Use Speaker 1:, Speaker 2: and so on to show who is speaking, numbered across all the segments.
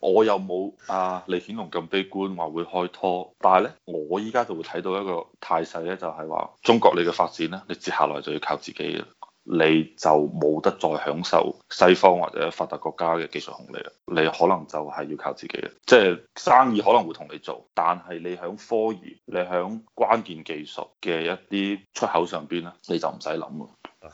Speaker 1: 我又冇啊李顯龍咁悲觀話會開拖，但係呢，我依家就會睇到一個態勢咧，就係話中國你嘅發展呢，你接下來就要靠自己，你就冇得再享受西方或者發達國家嘅技術紅利啦，你可能就係要靠自己啦，即係生意可能會同你做，但係你響科研、你響關鍵技術嘅一啲出口上邊咧，你就唔使諗。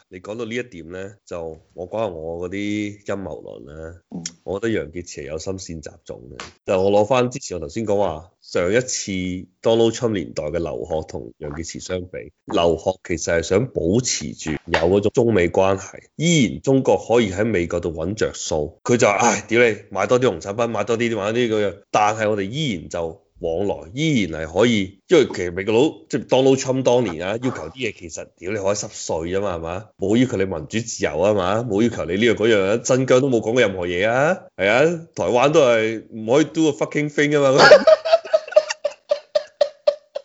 Speaker 1: 你講到呢一點
Speaker 2: 呢，就我講下我嗰啲陰謀論啦。我覺得楊潔篪有心線集中嘅，就是、我攞翻之前我頭先講話，上一次 Donald Trump 年代嘅劉鶴同楊潔篪相比，劉鶴其實係想保持住有嗰種中美關係，依然中國可以喺美國度揾著數。佢就話：唉、哎，屌你，買多啲農產品，多買多啲啲，多買多啲但係我哋依然就。往來依然係可以，因為其實美國佬，即係 Donald Trump 當年啊， 要求啲嘢，其實屌你可以濕碎啊嘛，係嘛，冇要求你民主自由啊嘛，冇要求你呢樣嗰樣，新疆都冇講過任何嘢啊，係啊，台灣都係唔可以 do 個 fucking thing 啊嘛，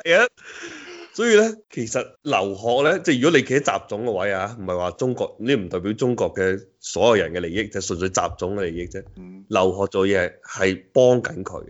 Speaker 2: 係 啊，所以咧，其實劉鶴咧，即係如果你企喺習總嘅位啊，唔係話中國呢，唔代表中國嘅所有人嘅利益，就純粹習總嘅利益啫。劉鶴，嗯、做嘢係幫緊佢。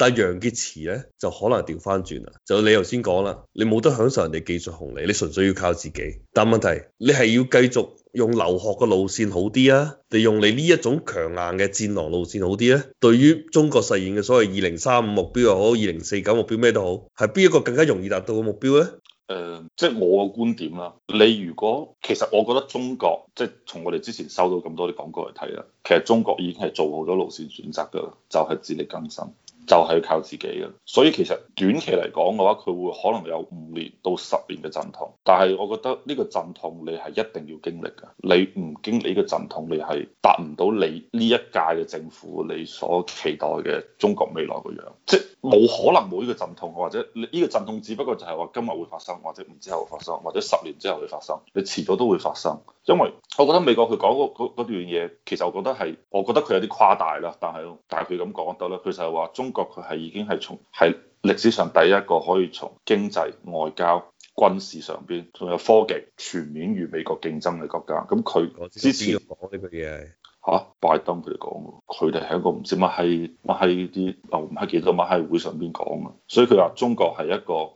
Speaker 2: 但係楊潔篪咧就可能調翻轉啦，就你頭先講啦，你冇得享受人哋技術紅利，你純粹要靠自己。但係問題你係要繼續用留學嘅路線好啲啊，你用你呢一種強硬嘅戰狼路線好啲咧？對於中國實現嘅所謂二零三五目標又好，二零四九目標咩都好，係邊一個更加容易達到嘅
Speaker 1: 目標咧？誒、呃，即、就、係、是、我嘅觀點啦。你如果其實我覺得中國即係、就是、從我哋之前收到咁多啲講過嚟睇啦，其實中國已經係做好咗路線選擇噶，就係、是、自力更生。就係靠自己嘅。所以其實短期嚟講嘅話，佢會可能有五年到十年嘅陣痛，但係我覺得呢個陣痛你係一定要經歷嘅，你唔經歷呢個陣痛，你係達唔到你呢一屆嘅政府你所期待嘅中國未來個樣，即冇可能冇呢個陣痛，或者呢個陣痛只不過就係話今日會發生，或者唔之後會發生，或者十年之後會發生，你遲早都會發生，因為我覺得美國佢講嗰段嘢，其實我覺得係我覺得佢有啲誇大啦，但係但係佢咁講得啦，佢就係話中。佢係已經係從係歷史上第一個可以從經濟、外交、軍事上邊，仲有科技全面與美國競爭嘅國家。咁佢之前講呢個嘢嚇拜登佢哋講佢哋係一個唔知乜閪乜閪啲，唔係幾多乜閪會上邊講啊？所以佢話中國係一個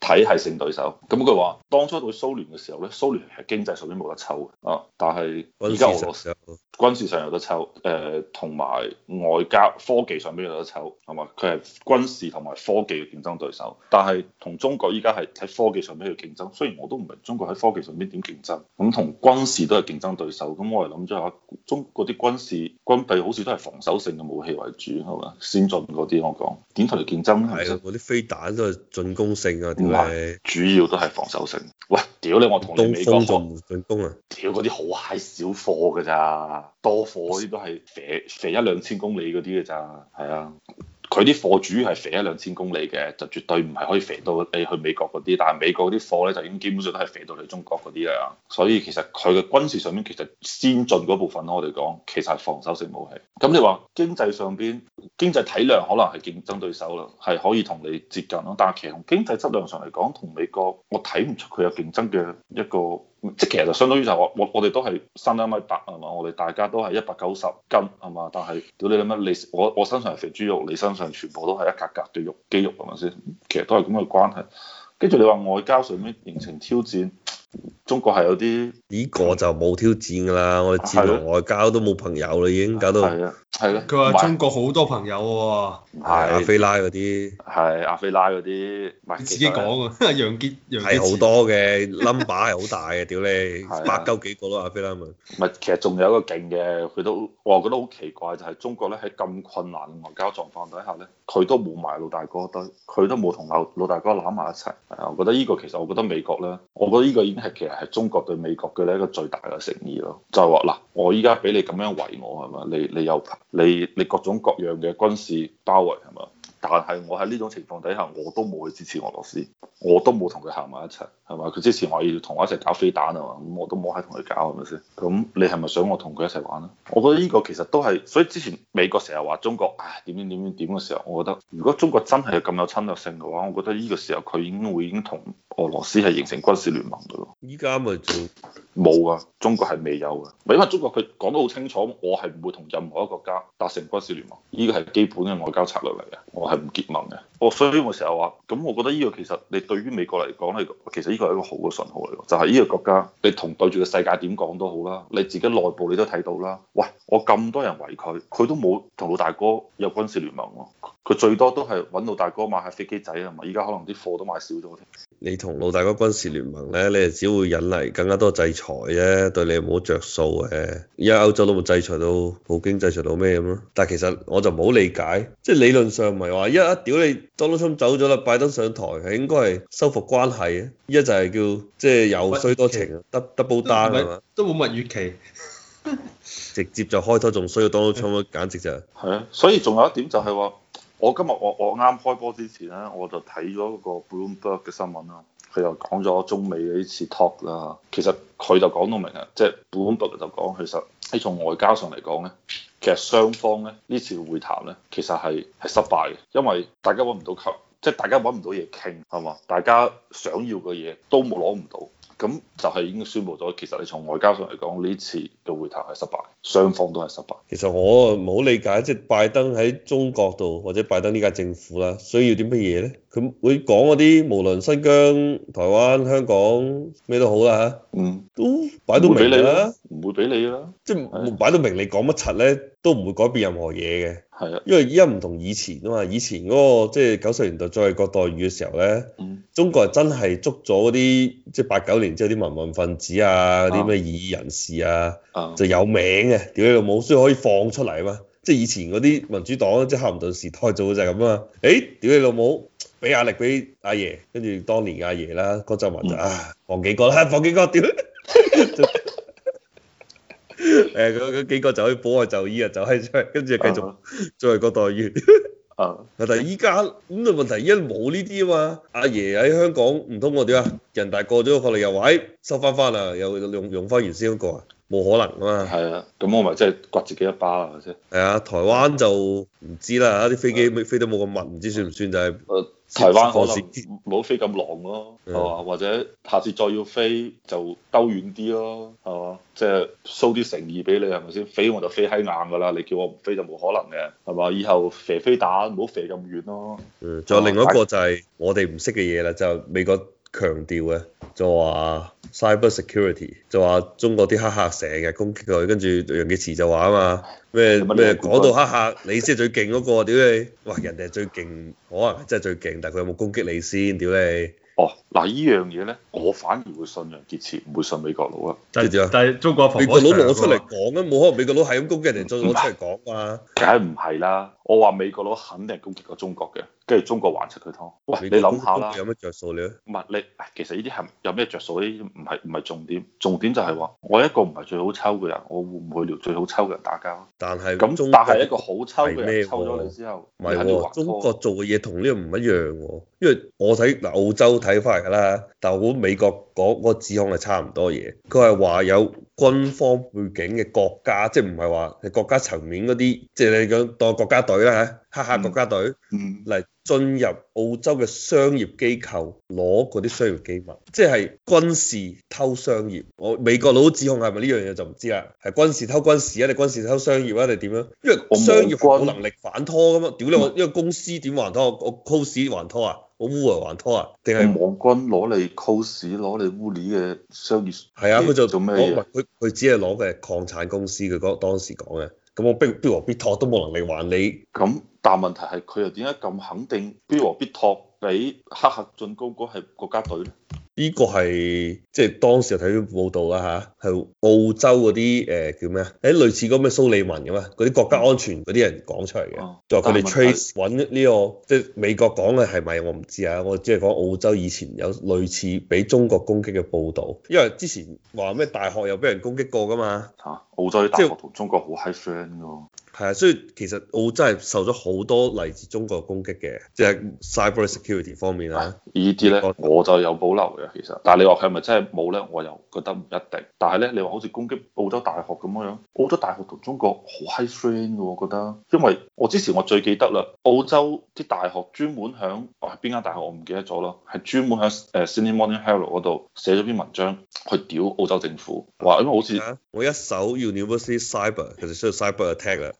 Speaker 1: 體系性對手，咁佢話當初到蘇聯嘅時候咧，蘇聯其實經濟上面冇得抽啊，但係而家俄羅斯軍事上有得抽，誒、呃，同埋外交科技上邊有得抽，係嘛？佢係軍事同埋科技嘅競爭對手，但係同中國依家係喺科技上邊嘅競爭。雖然我都唔明中國喺科技上邊點競爭，咁、嗯、同軍事都係競爭對手，咁我係諗咗下，中嗰啲軍事軍備好似都係防守性嘅武器為主，係嘛？先進嗰啲我講點同你競爭？係，嗰啲飛彈都係進攻性啊。同埋主要都係防守性。喂，屌你！我同你美
Speaker 2: 國講，屌嗰
Speaker 1: 啲好嗨，少貨噶咋，多貨嗰啲都係肥肥一兩千公里嗰啲噶咋，係啊。佢啲貨主要係飛一兩千公里嘅，就絕對唔係可以飛到你去美國嗰啲，但係美國嗰啲貨咧就已經基本上都係飛到你中國嗰啲啦。所以其實佢嘅軍事上面，其實先進嗰部分我哋講其實係防守性武器。咁你話經濟上邊經濟體量可能係競爭對手啦，係可以同你接近咯。但係其實從經濟質量上嚟講，同美國我睇唔出佢有競爭嘅一個。即其實就相當於就我我我哋都係生一米八係嘛，我哋大家都係一百九十斤係嘛，但係屌，你諗乜，你我我，身上係肥豬肉，你身上全部都係一格格嘅肉、肌肉係咪先？其實都係咁嘅關係。跟住你話外交上面形成挑戰。中國係有啲，呢個就冇
Speaker 2: 挑戰㗎啦。啊、我哋戰略外交都冇朋友啦，已經搞到係啊，係咯、啊。佢話中國好多朋友喎、啊，係亞非拉嗰啲，係亞非拉嗰啲，唔係自己講啊，楊潔楊潔。係好多
Speaker 1: 嘅 number 係好大嘅，屌你百鳩幾個咯亞非拉咪。唔係，其實仲有一個勁嘅，佢都我覺得好奇怪，就係、是、中國咧喺咁困難嘅外交狀況底下咧，佢都冇埋老大哥堆，佢都冇同老大哥攬埋一齊。我覺得呢個其實我覺得美國咧，我覺得呢個已經係其實。係中國對美國嘅呢一個最大嘅誠意咯就，就係話嗱，我依家俾你咁樣圍我係嘛，你你有你你各種各樣嘅軍事包圍係嘛，但係我喺呢種情況底下，我都冇去支持俄羅斯，我都冇同佢行埋一齊係嘛，佢之前話要同我一齊搞飛彈啊嘛，咁我都冇喺同佢搞係咪先？咁你係咪想我同佢一齊玩咧？我覺得呢個其實都係，所以之前美國成日話中國唉點點點點嘅時候，我覺得如果中國真係咁有侵略性嘅話，我覺得呢個時候佢已經會已經同。俄羅斯係形成軍事聯盟嘅咯，依家咪冇啊！中國係未有嘅，因為中國佢講得好清楚，我係唔會同任何一個國家達成軍事聯盟，呢個係基本嘅外交策略嚟嘅，我係唔結盟嘅。我所以我成日話咁，我覺得呢個其實你對於美國嚟講咧，其實呢個係一個好嘅信號嚟嘅，就係呢個國家你同對住個世界點講都好啦，你自己內部你都睇到啦。喂，我咁多人圍佢，佢都冇同老大哥有軍事聯盟喎，佢最多都係揾老大哥買下飛機仔啊嘛，依家可能啲貨都買少咗。
Speaker 2: 你同老大哥軍事聯盟咧，你係只會引嚟更加多制裁啫，對你冇着數嘅。而家歐洲都冇制裁到，普京制裁到咩咁咯？但係其實我就唔好理解，即係理論上唔係話一一屌你 Donald Trump 走咗啦，拜登上台係應該係收復關係嘅。而家就係叫即係又衰多情，double down 都冇乜蜜月期，直接就開拖仲衰過 Donald Trump。的簡直就係、是。係啊，
Speaker 1: 所以仲有一點就係話。我今日我我啱開波之前咧，我就睇咗個 Bloomberg 嘅新聞啦，佢又講咗中美嘅呢次 talk 啦。其實佢就講到明啊，即係 Bloomberg 就講其實你從外交上嚟講咧，其實雙方咧呢次會談咧，其實係係失敗嘅，因為大家揾唔到溝，即係大家揾唔到嘢傾，係嘛？大家想要嘅嘢都冇攞唔到。咁就係已經宣布咗，其實你從外交上嚟講，呢次嘅會談係失敗，雙方都係失敗。
Speaker 2: 其實我唔好理解，即係拜登喺中國度或者拜登呢屆政府啦，需要啲乜嘢咧？佢會講嗰啲無論新疆、台灣、香港咩都好啦嚇，嗯，都擺到明啦，
Speaker 1: 唔會俾你啦，即
Speaker 2: 係擺到明你講乜柒咧，都唔會改變任何嘢嘅。係啊，因為依家唔同以前啊嘛，以前嗰、那個即係九十年代再國待遇嘅時候咧，嗯、中國係真係捉咗嗰啲即係八九年之後啲民運，民運分子啊，啲咩異議人士啊，啊就有名嘅，屌你老母，所以可以放出嚟啊嘛。即係以前嗰啲民主黨即係克林頓時代做就係咁啊，誒、欸，屌你老母，俾壓力俾阿爺，跟住當年阿爺啦，江澤民就、嗯、啊，放幾個啦，放幾個，屌！誒，嗰嗰幾個就可以保外就醫、就是、啊，就喺出跟住繼續作為個待遇 啊。但係依家咁個問題，一冇呢啲啊嘛，阿爺喺香港唔通我點啊？人大過咗個法律又話，誒收翻翻啦，又用用翻原先嗰個啊，冇可能啊嘛。係啊，咁我咪真係刮
Speaker 1: 自己一巴把係咪先？係
Speaker 2: 啊，台灣就唔知啦，啲飛機飛得冇咁密，唔、啊、知算唔算就係、是。啊台灣可能唔
Speaker 1: 好飛咁狼咯、啊，係嘛、嗯？或者下次再要飛就兜遠啲咯、啊，係嘛？即係 show 啲誠意俾你係咪先？飛我就飛喺硬噶啦，你叫我唔飛就冇可能嘅，係嘛？以後射飛，飛彈，唔好射咁遠咯、啊。嗯，仲有另外一個
Speaker 2: 就係我哋唔識嘅嘢啦，就係、美國強調嘅。就話 cyber security，就話中國啲黑客成日攻擊佢，跟住楊潔篪就話啊嘛咩咩講到黑客，嗯、你先最勁嗰、嗰個，屌你！哇，人哋最勁，可能真係最勁，但係佢有冇攻擊你先？屌你！
Speaker 1: 哦，嗱依樣嘢咧，我反而會信楊潔篪，唔會信美國佬啊！但係
Speaker 2: 但中國，美國佬攞出嚟講啊，冇、嗯、可能美國佬係
Speaker 1: 咁攻擊人哋再攞出嚟講啊，梗係唔係啦？我話美國佬肯定係攻擊過中國嘅。跟住中國還出佢湯，喂，美國你諗下啦，有乜着數咧？物力？其實呢啲係有咩著數咧？唔係唔係重點，重點就係話我一個唔係最好抽嘅人，我會唔會同最好抽嘅人打交？但係咁，但係一個好抽嘅抽咗你之後，唔係我中
Speaker 2: 國做嘅嘢同呢個唔一樣喎、啊，因為我喺嗱澳洲睇翻嚟啦，但係我美國講、嗰個嗰個指控係差唔多嘢，佢係話有。軍方背景嘅國家，即係唔係話係國家層面嗰啲，即係你當國家隊啦，黑客國家隊嚟進入澳洲嘅商業機構攞嗰啲商業機密，即係軍事偷商業。我美國佬指控係咪呢樣嘢就唔知啦，係軍事偷軍事啊，你軍事偷商業啊，定點樣？因為商業冇能力反拖㗎嘛，屌你，因為公司點還拖？我公司還拖啊？我烏啊還拖啊？
Speaker 1: 定係網軍攞嚟 cos 攞嚟烏嚟嘅商業？係啊，佢就做咩嘢？唔係佢佢只係攞嘅礦產公司，佢當當時講嘅。咁我必必和必拓都冇能力還你。咁但係問題係佢又點解咁肯定必和必拓畀黑客進攻嗰係國家隊咧？
Speaker 2: 呢個係即係當時睇啲報道啦嚇，係澳洲嗰啲誒叫咩啊？誒類似嗰咩蘇利文咁啊，嗰啲國家安全嗰啲人講出嚟嘅，就佢哋 trace 揾呢個即係美國講嘅係咪？我唔知啊，我只係講澳洲以前有類似俾中國攻擊嘅報道，因為之前話咩大學又俾人攻擊過噶嘛嚇，澳洲啲大學同中國好 high friend 㗎。係啊，所以其實澳洲係受咗好多嚟自中國攻擊嘅，即係 cyber security 方面啊。
Speaker 1: 呢啲咧我就有保留嘅，其實。但係你話佢係咪真係冇咧？我又覺得唔一定。但係咧，你話好似攻擊澳洲大學咁樣，澳洲大學同中國好 hi friend 嘅喎，我覺得。因為我之前我最記得啦，澳洲啲大學專門響邊間大學我唔記得咗咯，係專門響誒 Sydney Morning Herald 嗰度寫咗篇文章去屌澳洲政府，話因為好似、啊、
Speaker 2: 我一手 University Cyber 其實需要 cyber attack 啦。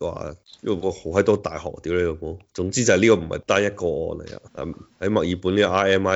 Speaker 2: 話因為個好閪多大學屌你老母，總之就係呢個唔係單一個嚟啊！喺墨爾本呢個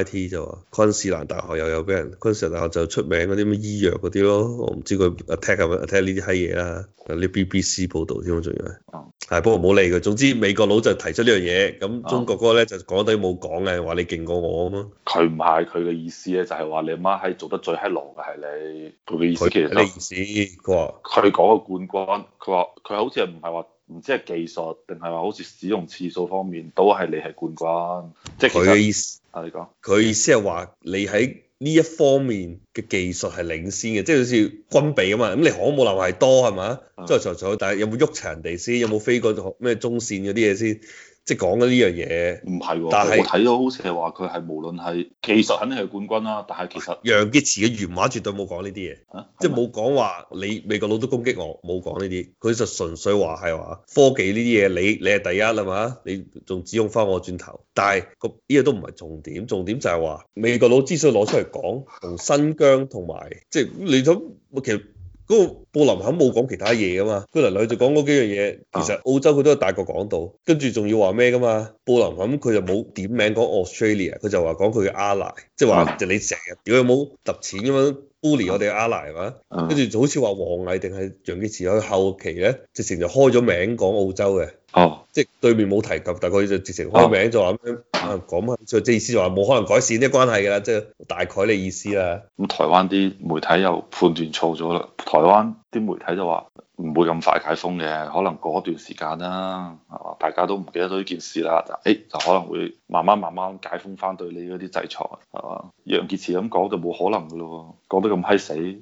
Speaker 2: RMIT 就話昆士蘭大學又有俾人，昆士蘭大學就出名嗰啲咩醫藥嗰啲咯，我唔知佢 attack 係咪 attack 呢啲閪嘢啦，有啲 BBC 報道添啊，仲要係不過冇理佢，總之美國佬就提出呢樣嘢，咁中國哥咧就講
Speaker 1: 得冇講嘅，話你勁過我吖嘛。佢唔係佢嘅意思咧，就係話你阿媽係做得最閪狼嘅係你，佢嘅意思。意思其實佢講個冠軍，佢話佢好似係唔係話。唔知係技術定係話好似使用次數方面，都係你係冠軍。即係佢嘅意思，啊、你講。
Speaker 2: 佢意思係話你喺呢一方面嘅技術係領先嘅，即係好似軍備吖嘛。咁你可冇話係多係嘛？即係從從，但係有冇喐場人哋先？的有冇飛過咩中線嗰啲嘢先？即係講緊呢樣嘢，唔係，但係我睇
Speaker 1: 到好似係話佢係無論係技術肯定係冠軍啦，但係其實楊潔篪嘅原話絕對冇講呢啲嘢，啊、是
Speaker 2: 是即係冇講話你美國佬都攻擊我，冇講呢啲，佢就純粹話係話科技呢啲嘢你你係第一啦嘛，你仲指用翻我轉頭，但係，這個呢個都唔係重點，重點就係話美國佬之所以攞出嚟講同新疆同埋即係你諗其實。嗰個布林肯冇講其他嘢噶嘛，佢林女就講嗰幾樣嘢，其實澳洲佢都係大個講到，跟住仲要話咩噶嘛？布林肯佢就冇點名講 Australia，佢就話講佢嘅 allies，即係話就你成日如果冇揼錢咁樣 bully 我哋嘅 allies，係嘛？跟住就好似話王毅定係楊潔篪喺後期咧，直情就開咗名講澳洲嘅、啊。即係對面冇提及，大概就直情開名、啊、就話咩啊？咁啊，意思就話冇可能改善啲關係㗎啦，即、就、係、是、大概你意思啦、嗯。咁、
Speaker 1: 嗯、台灣啲媒體又判斷錯咗啦。台灣啲媒體就話唔會咁快解封嘅，可能過一段時間啦、啊，係嘛？大家都唔記得咗呢件事啦，就誒、欸、就可能會慢慢慢慢解封翻對你嗰啲制裁，係嘛？楊潔篪咁講就冇可能㗎咯，講得咁閪死。